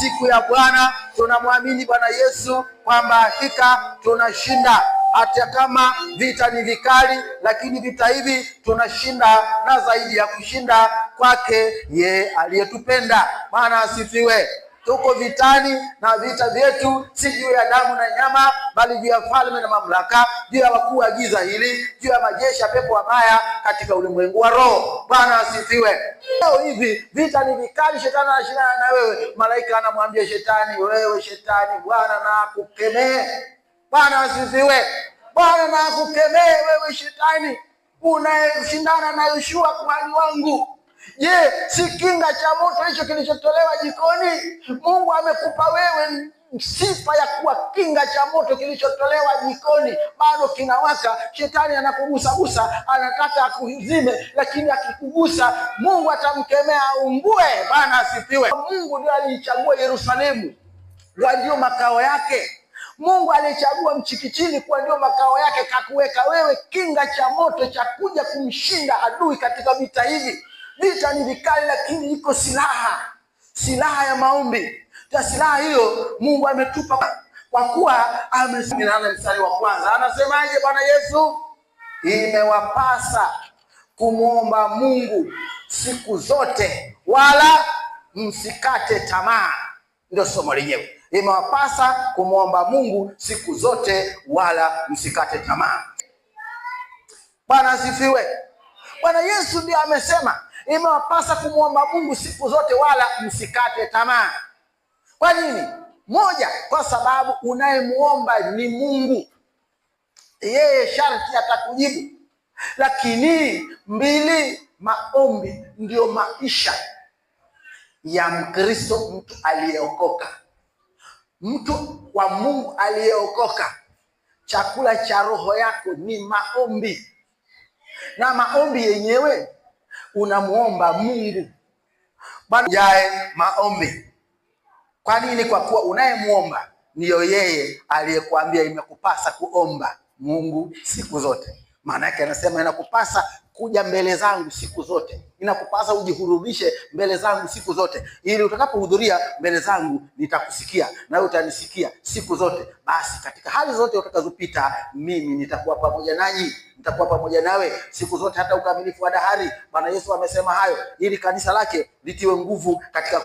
siku ya Bwana. Tunamwamini Bwana Yesu kwamba hakika tunashinda hata kama vita ni vikali, lakini vita hivi tunashinda, na zaidi ya kushinda kwake ye aliyetupenda. Maana asifiwe. Tuko vitani na vita vyetu si juu ya damu na nyama, bali juu ya falme na mamlaka, juu ya wakuu wa giza hili, juu ya majeshi ya pepo wabaya katika ulimwengu wa roho. Bwana asifiwe. Leo hivi vita ni vikali, shetani anashindana na wewe. Malaika anamwambia shetani, wewe shetani, Bwana na akukemee. Bwana asifiwe. Bwana na akukemee wewe shetani unayeshindana na Yoshua kuhani wangu Je, si kinga cha moto hicho kilichotolewa jikoni? Mungu amekupa wewe sifa ya kuwa kinga cha moto kilichotolewa jikoni, bado kinawaka. Shetani anakugusagusa anataka akuzime, lakini akikugusa Mungu atamkemea aumbue. Bwana asifiwe. Mungu ndio aliichagua Yerusalemu kwa ndio makao yake. Mungu alichagua Mchikichini kuwa ndio makao yake, kakuweka wewe kinga cha moto cha kuja kumshinda adui katika vita hivi. Vita ni vikali, lakini iko silaha, silaha ya maombi. Na silaha hiyo Mungu ametupa kwa kuwa ameana. Mstari wa kwanza anasemaje? Bwana Yesu, imewapasa kumwomba Mungu siku zote, wala msikate tamaa. Ndio somo lenyewe imewapasa kumwomba Mungu siku zote wala msikate tamaa. Bwana asifiwe. Bwana Yesu ndiye amesema imewapasa kumwomba Mungu siku zote, wala msikate tamaa. Kwa nini? Moja, kwa sababu unayemwomba ni Mungu, yeye sharti atakujibu. Lakini mbili, maombi ndiyo maisha ya Mkristo, mtu aliyeokoka, mtu wa Mungu aliyeokoka. Chakula cha roho yako ni maombi, na maombi yenyewe unamwomba Mungu Bwana jae maombi. Kwa nini? Kwa kuwa unayemwomba ndiyo yeye aliyekuambia imekupasa kuomba Mungu siku zote. Maana yake anasema inakupasa kuja mbele zangu siku zote, inakupasa ujihurudishe mbele zangu siku zote, ili utakapohudhuria mbele zangu nitakusikia, nawe utanisikia siku zote. Basi katika hali zote utakazopita, mimi nitakuwa pamoja nanyi, nitakuwa pamoja nawe siku zote, hata ukamilifu wa dahari. Bwana Yesu amesema hayo ili kanisa lake litiwe nguvu katika